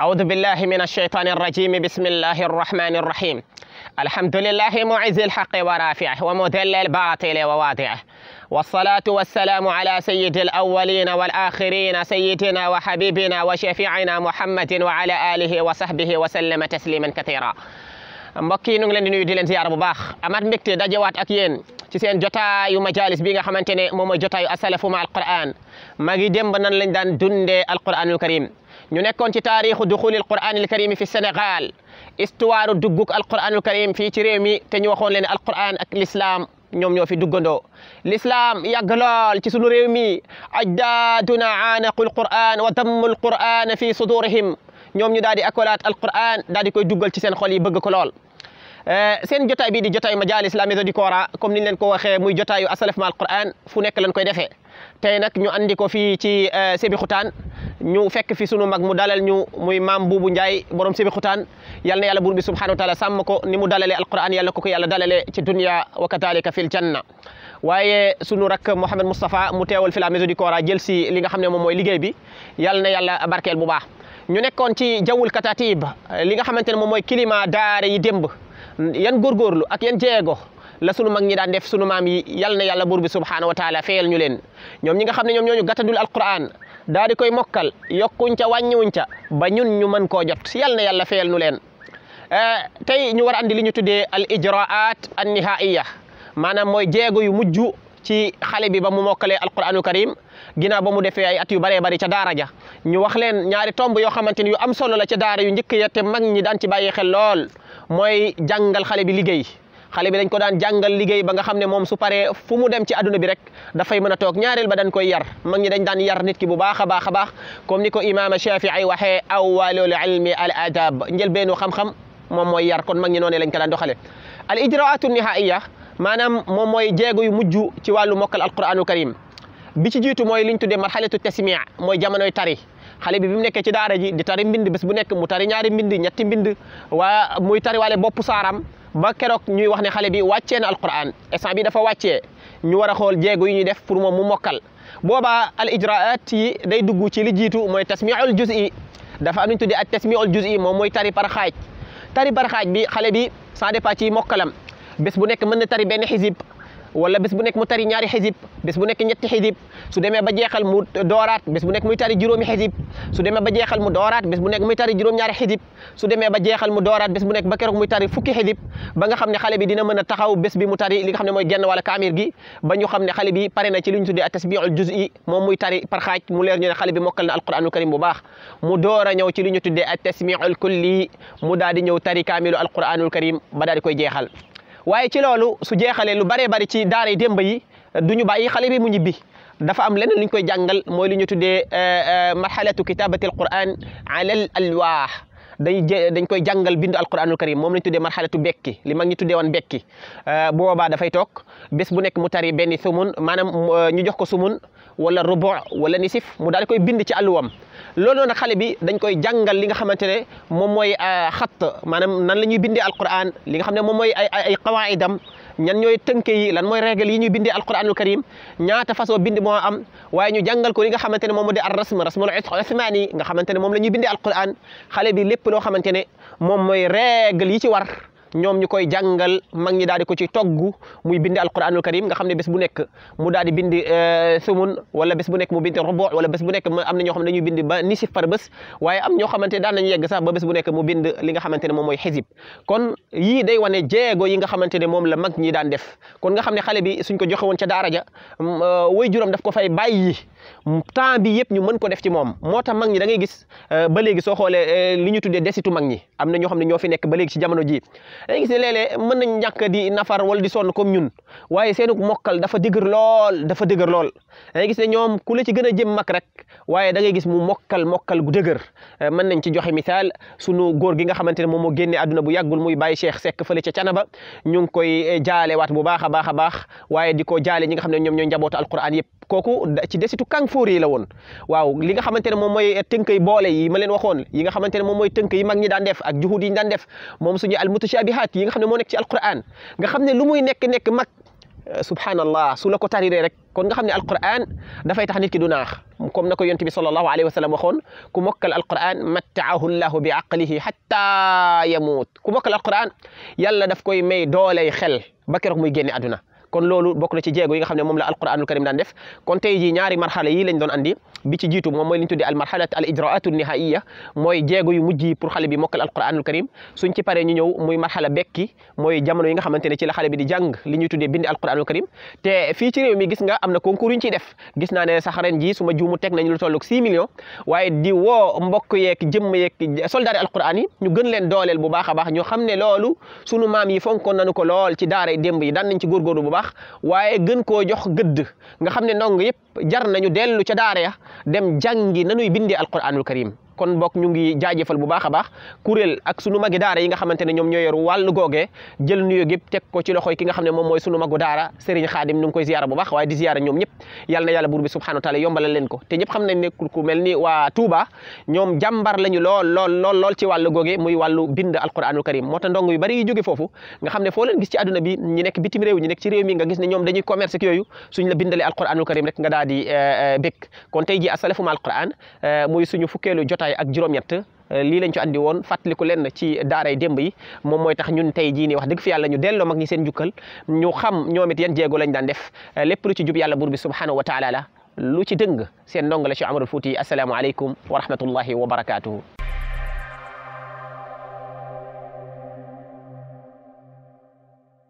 أعوذ بالله من الشيطان الرجيم بسم الله الرحمن الرحيم الحمد لله معز الحق ورافعه ومذل الباطل وواضعه والصلاة والسلام على سيد الأولين والآخرين سيدنا وحبيبنا وشفيعنا محمد وعلى آله وصحبه وسلم تسليما كثيرا mbokk yi nu ngi leen di nuyu di leen ziyaara bu baax amaat mbégte dajewaat ak yéen ci seen jotaayu majalis bi nga xamante ne moom mooy jotaayu asalafu ma alquran maa ngi démb nan lañ daan dundee alquranul karim ñu nekkoon ci taarixu duxuli alquranil karim fi Sénégal histoire dugguk alquranul karim fii ci réew mi te ñu waxoon leen alquran ak l'islam ñoom ñoo fi duggandoo l'islam yàgg lool ci sunu réew mi ajdaaduna aanaqu alquran wa dammu alquran fi sudurihim ñom ñu daldi akolat alquran daldi koy duggal ci seen xol yi bëgg ko lool euh seen jotaay bi di jotaay majalis la maison du Coran comme niñ leen ko waxe muy jotaayu asalaf ma alquran fu nek lañ koy defé tay nak ñu andi ko fi ci Sébi Xutaan ñu fekk fi sunu mag mu dalal ñu muy mam bubu Njaay borom Sébi Xutaan yalla na yàlla bur bi subhanahu wa taala sam ko ni mu dalale alquran yalla ko ko yàlla dalale ci dunya wa katalika fil janna waye sunu rak mohammed mustafa mu teewal fi la maison du cora jël si li nga xamne mom moy mooy bi yalla na yàlla barkel bu baax ñu nekkoon ci jawwul katatib li nga xamante ne moom mooy climat daare yi démb yan góorgóorlu ak yan jeego la sunu mag ñi daan def sunu maam yi yal na yàlla buur bi wa taala feyal ñu leen ñoom ñi nga xam ne ñoom ñooñu gàttandul alquran daal di koy mokkal yokkuñ ca wàññiwuñ ca ba ñun ñu mën koo jot yal na yàlla feyal ñu leen eh, tey ñu war a andi li ñu tuddee al ijraat an nihaiya maanaam mooy jeego yu mujj ci xale bi ba mu mokalé alquranu karim ginnaaw ba mu défé ay at yu bari bari ci daara ja ñu wax leen ñaari tombe yo xamanteni yu am solo la ci daara yu ñëk yete mag ñi daan ci bàyyi xel lool moy jàngal xale bi liggéey xale bi dañ ko daan jàngal liggéey ba nga xamné mom su paré fu mu dem ci aduna bi rek da fay mëna tok ñaarël ba dañ koy yar mag ñi dañ daan yar nit ki bu baaxa baaxa baax comme niko imam Shafii waxee awwalul ilmi al adab njëlbeenu xam-xam mom moy yar kon mag ñi noné lañ ko daan doxale al ijraatu an-nihaiyah maanaam moom mooy jéego yu mujj ci wàllu mokkal alquranul karim bi ci jiitu mooy liñ tuddee marxalatu tasmia mooy jamonoy tari xale bi bi mu nekkee ci daara ji di tari bind bés bu nekk mu tari ñaari mbind ñetti bind waa muy tari waale bopp saaram ba keroog ñuy wax ne xale bi wàccee na alquran instant bi dafa wàccee ñu war a xool jéego yi ñuy def pour moom mu mokkal boobaa al ijraat yi day dugg ci li jiitu mooy tasmiul juz'i dafa am lu ñu tuddee ak tasmiul moom mooy tari par tari par xaaj bi xale bi sans départ mokkalam bés bu nekk mën na tari benn xisib wala bés bu nekk mu tari ñaari xisib bés bu nekk ñetti xisib su demee ba jeexal mu dooraat bés bu nekk muy tari juróomi xisib su demee ba jeexal mu dooraat bés bu nekk muy tari juróom ñaar xisib su demee ba jeexal mu dooraat bés bu nekk ba keroog muy tari fukki xisib ba nga xam ne xale bi dina mën a taxaw bés bi mu tari li nga xam ne mooy genn wala kaamir gi ba ñu xam ne xale bi pare na ñu tuddee moom muy tari par xaaj xale bi mokkal na alquranul karim bu baax mu door a ñëw ci li ñu tuddee a tasmiul kulli mu daal di ñëw tari kaamilu alquranul karim ba daal di koy jeexal waaye ci loolu su jeexalee lu baree bari ci daara yi démb du ñu bàyyi xale bi mu ñibbi dafa am leneen lu ñu koy jàngal mooy li ñu tuddee euh, euh, marxalatu kitaabati alquran ala al alwaax day dañ koy jàngal bindu alquranul karim moom lañ tuddee marxalatu bekki li mag ñi tuddee woon bekki euh, boobaa dafay toog bés bu nekk mu tari benn sumun maanaam euh, ñu jox ko sumun wala rubu wala nisif mu daal koy bind ci lool loolu noonu xale bi dañ koy jàngal li nga xamante ne moom mooy euh, xatt maanaam nan la ñuy bindee alquran li nga xam ne moom mooy ay ay qawaidam ñan ñooy tënke lan mooy régal yi ñu bindee alquranul karim ñaata façon bind moo am waaye ñu jàngal ko li nga xamante ne moom moo di ar rasm rasmul usmani nga xamante ne moom la ñuy bindee alquran xale bi lépp loo xamante ne moom mooy régal yi ci war ñom ñukoy jàngal mag ñi daal ci toggu muy bindi alquranul karim nga xamne bés bu nek mu daal bindi sumun wala bés bu nek mu bindi rubu wala bés bu nek amna ño xamne dañuy bindi ba nisif par bés waye am ño xamantene ne daan nañu yegg sax ba bés bu nek mu bindi li nga xamantene mom moy hizib kon yi day wone jeego yi nga xamantene mom la mag ñi daan def kon nga xamne xale bi suñ ko joxewon ci daara ja way juram daf ko fay bàyyi temps bi yep ñu mën ko def ci mom moo mag ñi da ngay gis ba legi so xole li ñu tuddé desitu mag ñi amna ño xamne ño fi nek ba legi ci jamono ji da ngay gis ne léeg-léeg mën nañ ñàkk di nafar wala di sonn comme ñun waaye seenu mokkal dafa dëgër lool dafa dëgër lool da ngay gis ne ñoom ku la ci gën a jëm mag rek waaye da ngay gis mu mokkal mokkal gu dëgër eh, mën nañ ci joxe misaal sunu gor gi nga xamante ne moom moo génne àdduna bu yàggul muy bàyyi Cheikh Seck fële ca Canaba ñu ngi koy eh, jaale waat bu baax a baax a baax waaye ko jaale ñi nga xam ne ñoom ñooy njabootu alquran yëpp kooku ci desitu la woon waaw li nga xamante ne moom mooy eh, tënk yi boole yi ma leen waxoon yi nga xamante ne moom mooy tënk yi mag ñi daan def ak juhud yi ñu daan def moom suñu almutashabihat yi nga xam ne moo nekk ci alquran nga xam ne lu muy nekk nekk mag سبحان الله سولكو تاريري رك كون خامني القران دا فاي تخ نيت كي دوناخ كوم نكو يونتبي صلى الله عليه وسلم وخون كو موكل القران متعه الله بعقله حتى يموت كو موكل القران يالا داف كوي مي دولي خل بكرك موي غيني ادنا kon loolu bokk na ci jéego yi nga xam ne moom la alquranul karim daan def kon tey jii ñaari marxala yi lañ doon andi bi ci jiitu moom mooy al marxalat al ijraatu nihaiya yu mujj yi pour xale bi mokkal alquranul karim suñ ci paree ñu ñëw muy marxala bekki mooy jamono yi nga xamante ne ci la xale bi di jàng li ñuy tuddee bindi alquranul karim te fii nga am na concours yuñ ciy def gis naa ne sax ren jii su ma teg nañ lu tolluk 6 waaye di woo mbokk yeeg jëmm yeeg soldaari alquran yi ñu gën leen dooleel bu baax a baax ñu xam ne loolu sunu maam yi fonkoon nañu ko lool ci daara démb yi daan nañ ci góorgóorlu bu baax baax waaye gën koo jox gëdd nga xam ne ndongo yëpp jar nañu dellu ca daara ya dem jàngi nanuy bindee alquranul karim kon bokk ñu ngi jaajëfal bu baax a baax kuréel ak sunu magi daara yi nga xamante ne ñoom ñoo yor wàllu googe jël nuyo gépp ci loxoy ki nga xam ne moom mooy sunu magu daara Serigne Khadim ñu koy ziyaara bu baax waaye di ziyaara ñoom ñëpp yal na yàlla buur bi yombalal leen ko te ñëpp xam ne ku ni waa Touba ñoom jàmbar lañu lool lool lool lool ci wàllu googe moo tax ndong yu bari yu jóge foofu nga xam ne foo leen gis ci daal di eh, eh, békk kon tey ji asalafu ma alquran eh, muy suñu fukkeelu jotaay ak juróom-ñett lii lañ ci andi woon fàttaliku leen ci daaray démb yi moom mooy tax ñun tey jii nii wax dëgg fi yàlla ñu delloo mag ñi seen jukkal ñu xam ñoom it yan jéego lañ daan def lépp lu ci jub yàlla buur bi subhanahu wa taala la lu ci dëng seen ndongo la ci Amarul Fuuti yi asalaamaaleykum wa rahmatullahi wa barakaatuhu